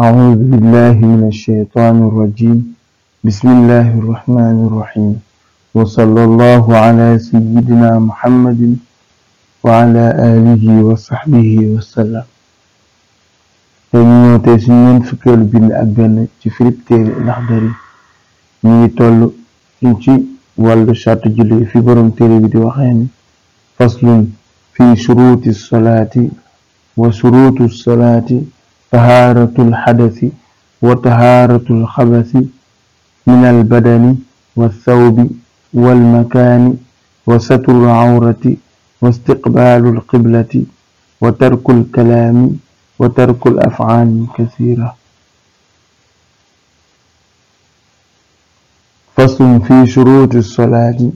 أعوذ بالله من الشيطان الرجيم بسم الله الرحمن الرحيم وصلى الله على سيدنا محمد وعلى آله وصحبه وسلم tey ñu ñëw tey suñu ñeent fukkeelu bind ak benn ci firib téere Laxdari ñu ngi toll ci wàllu charte julli fi borom téere bi di waxee ni faslun fi shuruuti solaati wa shuruutu solaati tahaaratul xadasi wa tahaaratul xabasi minal badani wa thawbi wal makaani wa satrul awrati wa istiqbaalul qiblati wa tarkul kalaami wa tarkul afcaali kasiira. faslun fi shuruuti salaati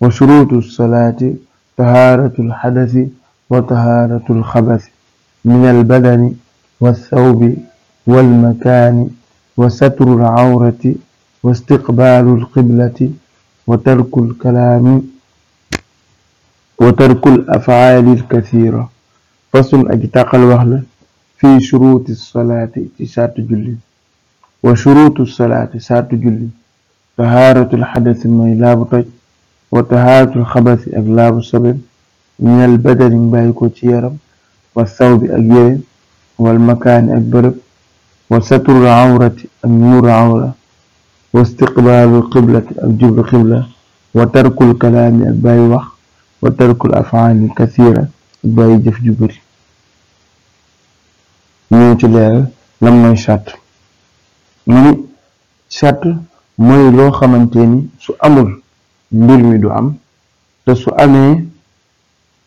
wa shuruutu salaati tahaaratul xadasi wa tahaaratul xabasi minal badani. والثوب والمكان وستر العورة واستقبال القبلة وترك الكلام وترك الأفعال الكثيرة fasul aji tàqal wax la fii shuruuti salaati ci saatu julli wa shuruutu salaati saatu julli tahaaratul xadasi mooy laabu toj wa tahaaratul xabasi ak laabu sobe minal badani bàyyi ko ci yaram wa saw bi ak yére wal makaani ak bërëb wa satrul awrati ak muur awra wa istiqbaalul qiblati ak jublu qibla wa tarkul kalaami ak bàyyi wax wa tarkul afaani kasiira ak bàyyi jëf ju bëri ñëw ci leeral lan mooy charte mu ni charte mooy loo xamante ni su amul mbir mi du am te su amee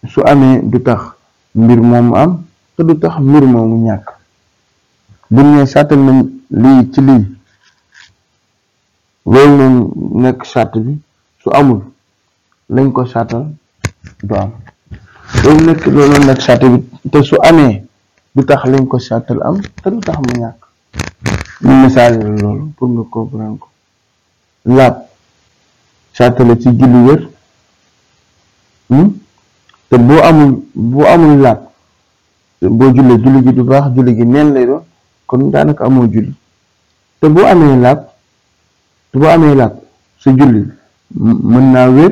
su amee du tax mbir moomu am te du tax mbir moomu ñàkk buñ ne sàttal nañ lii ci lii loolu noonu nekk sàtt bi su amul lañ ko sàttal du am loolu nekk loolu nekk sàtt bi te su amee du tax lañ ko sàttal am te du tax mu ñàkk ñu misaal la loolu pour nga comprendre ko laab sàttale ci julli wér hmm? te boo amul boo amul laab boo jullee julli gi du baax julli gi neen lay doon kon daanaka amoo julli te boo amee laab te boo amee laab sa julli mën naa wér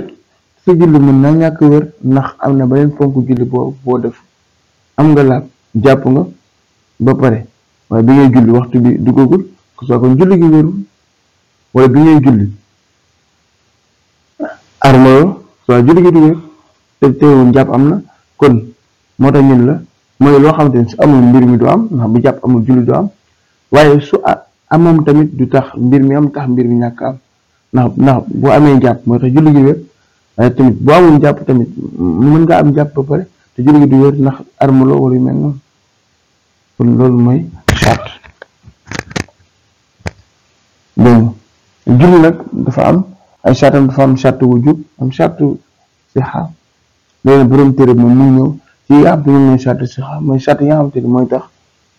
sa julli mën naa ñàkk wér ndax am na beneen fonk julli boo boo def am nga laab jàpp nga ba pare waaye bi ngay julli waxtu bi duggagul ko soo kon julli gi wérul wala bi ngay julli armoyo soo julli gi du te teewul jàpp am na kon moo tax ñun la mooy loo xamante ni su amul mbir mi du am ndax bu jàpp amul julli du am waaye su amam tamit du tax mbir mi am tax mbir mi ñàkk am ndax ndax amee jàpp mooy tax julli gi wér waaye tamit bu amul jàpp am jàpp te julli du wér ndax loolu mooy charte donc nag dafa am ay chartam dafa am charte wujub am charte sixa loolu borom téere moom muy ñëw ci am te ñoom ñooy charte si xam mooy charte yi nga xamante mooy tax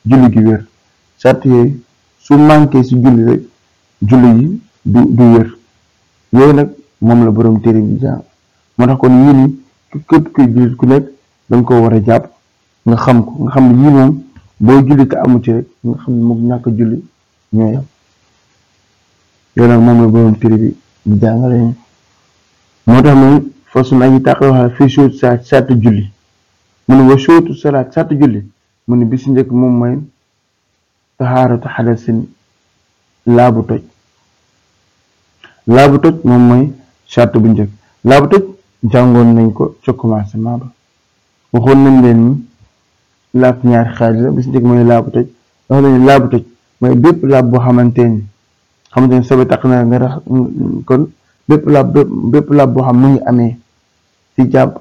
julli gi wér charte yooyu su manqué si julli rek julli yi du wér yooyu nag moom la boroom téere bi moo tax kon yii nii képp kuy jullit ku war a jàpp nga xam ko nga xam ne yii moom boo ci rek xam ne ñàkk julli ñoo yam moom la borom téere bi di jàngale moo tax mooy façon aji tàqal wax fii soo julli mu ne wa shurutu salaat sàtt julli mu ne bi si njëkk moom mooy taxaaratu xadasin laabu toj laabu toj moom mooy sàtt bu njëkk laabu toj jàngoon nañ ko ca commencement ba waxoon nañ leen ni laab ñaari xaaj la bi si njëkk mooy laabu toj wax bépp laab boo xamante ni xamante ni sobe tax na nga rax kon bépp laab bépp boo xam mu ngi amee ci jàpp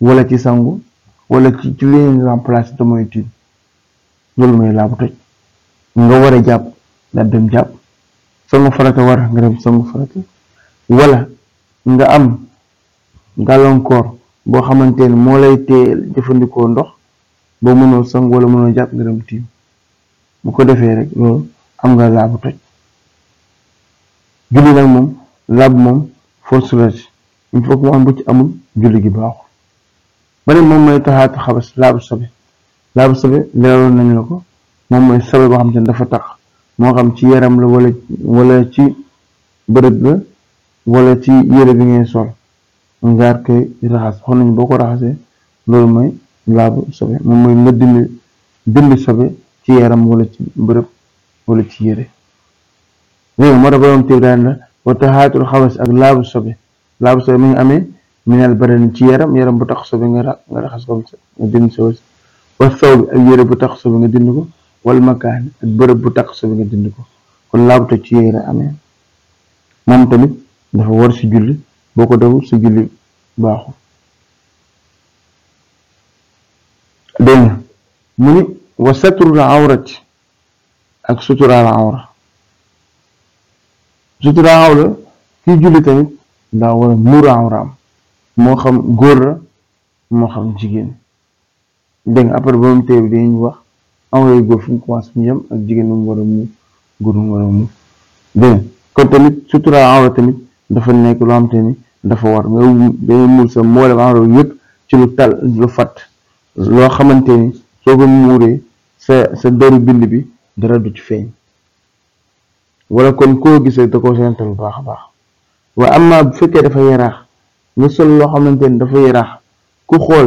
wala ci sangu wala ci ci leneen remplacé te mooy war a jàpp nga dem jàpp sangu farata nga am gàllankoor boo xamante ne moo lay tee jëfandikoo ndox ba mënoo sangu mënoo jàpp nga dem tiim bu ko defee rek nga laabu toj julli nag moom laab moom force la il faut que mu bu ci amul julli gi baaxul. ba ne moom mooy taxaatu xabas laabu sobe laabu sobe leeroon nañu la ko moom mooy sobe boo xam te ne dafa tax moo xam ci yaram la wala wala ci bërëb la wala ci yére bi ngay sol ngaar koy raxas xool nañu boo ko raxasee loolu mooy laabu sobe moom mooy nga dindi dindi sobe ci yaram wala ci bërëb wala ci yére léegi moo tax borom téere daan la wa taxaatul xabas ak laabu sobe laabu sobe mi ngi amee minal badan ci yaram yaram bu tax sobe nga ra nga bu tax sobe nga dindi ko wal bërëb bu tax sobe nga dindi ko kon ci yére tamit dafa war boo ko deful si mu ni wa satrul awrati ak suturaal awra suturaal awra kii julli tamit daa war a muur moo xam góor la moo xam jigéen dégg nga après borom téere bi dañuy wax envoyé góor fu mu commencé mu yem ak jigéen mu war a mu góor war a tamit dafa nekk loo xam dafa war nga muur sa mboolem awra yëpp ci lu tal lu fat loo xamante ni soo ko muuree sa sa deru bind bi dara du ci feeñ wala kon koo gisee da ko seental bu baax a baax waaye am naa bu fekkee dafa yaraax nga sol loo xamante ni dafay rax ku xool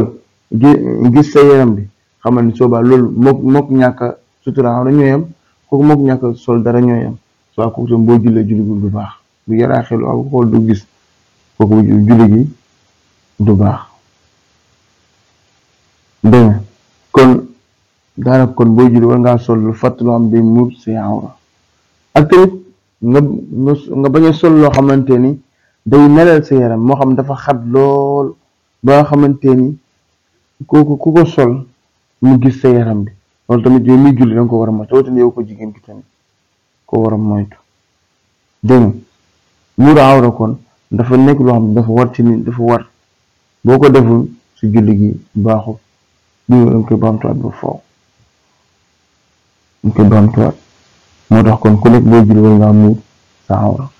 gis sa yaram bi xamal ni soobaa loolu mook mook ñàkk a sutura xam kooku mook ñàkk a sol dara ñoo yem soo kooku baax bu yaraa xelu ak du baax dégg kon daanaka kon boo julli war ngaa sol lu fatt loo xam day muur sa awra ak tamit nga nga bañ sol loo xamante ni day melal sa yaram moo xam dafa xat lool ba nga xamante ni kooku ku ko sol mu gis sa yaram bi loolu tamit yow julli danga ko war a moytu rawatina yow ko jigéen ki tamit war a moytu dégg muur awra dafa nekk loo xam ne dafa war ci ni dafa war boo ko deful si julli gi baaxul ñu dañ koy baamtuwaat ba foofu dañ koy baamtuwaat moo tax kon ku nekk boo julli war nga muur sa awra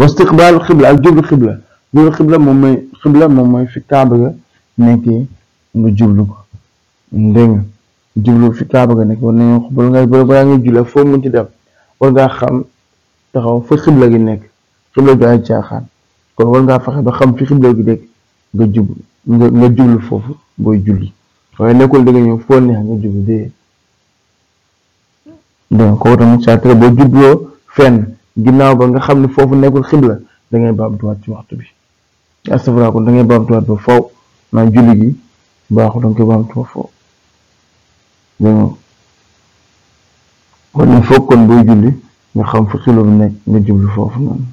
wa istiqbaal xibla ak jublu xibla jublu xibla moom mooy xibla moom mooy fi kaaba ga nekkee nga jublu ko dégg nga jublu fi kaaba ga nekk war ngaa foo mën ci dem war xam taxaw fa xibla gi nekk xibla gi caaxaan kon war ngaa fexe ba xam fi xibla gi nekk nga jublu nga jublu foofu booy julli waaye nekkul da nga ñëw foo neex nga jublu dee donc kooku tamit saa tere boo jubloo fenn. ginnaaw ba nga xam ne foofu nekkul xibla da ngay baamtuwaat ci waxtu bi astafurlah kon da ngay baamtuwaat ba faw maanaam julli gi baaxul da nga koy baamtuwaat faw dégg julli nga xam fu xibla bi nekk nga jublu foofu noonu.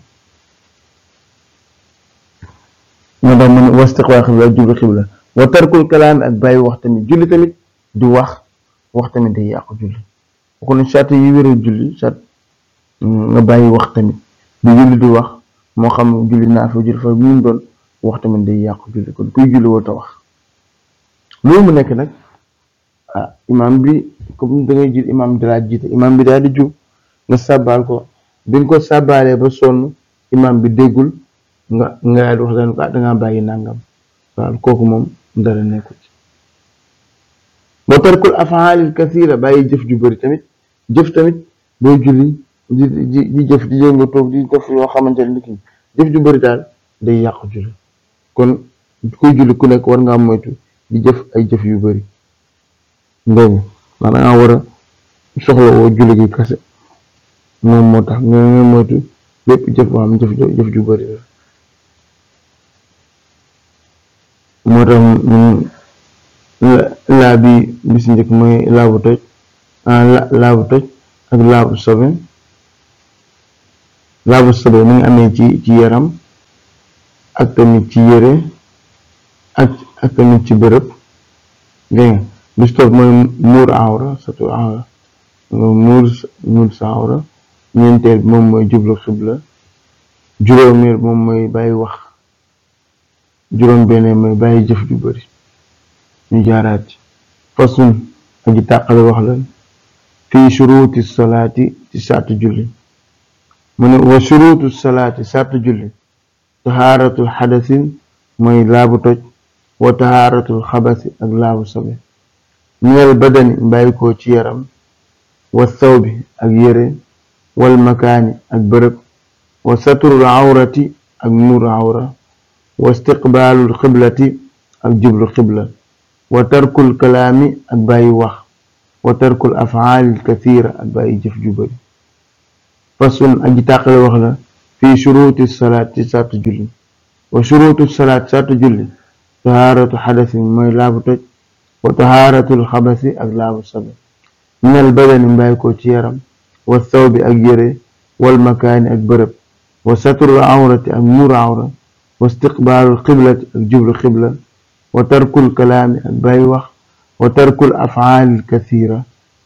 ma daal man wastiqbaal xibla ak jublu xibla wa tarkul kalaam ak bàyyi wax tamit julli tamit du wax wax tamit day yàqu julli kon charte yi wéral julli charte. nga bàyyi wax tamit lu julli di wax moo xam julli naa fa julli fa mu doon wax tamit day yàqu julli kon kuy julli woo ta wax loolu mu nekk nag ah imaam bi comme da ngay jiit imaam dalaa jiite imaam bi daal di jub nga sàbbaal ko bi ko sàbbaalee ba sonn imaam bi déggul nga nga wax ah, bàyyi nàngam waaw kooku moom dara nekku ci ba tarkul afaalil kasira bàyyi jëf ju bëri tamit jëf tamit boo julli di di di jëf di yoo xamante ne kii jëf ju bëri daal day yàq julli kon kuy julli ku nekk war ngaa moytu di jëf ay jëf yu bëri ndéem maanaam nga war a soxla woo julli gi kese moom moo tax nga moytu lépp jëf boo xam jëf jëf ju bëri la moo tax laa bi bi njëkk mooy laabu toj ah, laabu toj ak laabu sobe laabu solo mi ngi amee ci yaram ak tamit ci yére ak ak tamit ci bërëb dégg nga bis toog mooy muur awra satu awra muur muur sa awra ñeenteel moom mooy jublu xibla juróomeel moom mooy bàyyi wax juróom beneen mooy bàyyi jëf ju bari ñu jaaraat fasun aji tàqale wax la fii shuruuti salaati ci saatu julli mu ne wa shurutu salaati sartu julli tahaaratul xadasin mooy laabu toj wa tahaaratul xabasi ak laabu sobe minal badani bàyyi ko ci yaram wa thawbi ak yére wal makaani ak bërëb wa satrul awrati ak muur awra wa istiqbaalul xiblati ak jublu xibla wa tarkul kalaami ak bàyyi wax wa tarkul afaalil kathira ak bàyyi jëf ju bari fasun aji tàqale wax la fii shuruuti salaat ci sartu julli wa shuruutu salaat sartu julli tahaaratu xadasin mooy laabu toj wa tahaaratul xabasi ak laabu sobe minal badani mbàyyi ko ci yaram wa sawbi ak yére wal makaani ak bërëb wa satrul awrati ak muur awra wa istiqbaalul qiblati ak jublu qibla wa tarkul kalaami ak bàyyi wax wa tarkul afaalil kasiira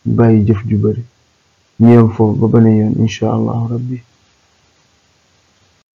bàyyi jëf ju bari yem foofu ba beneen yoon allah allahu rabbi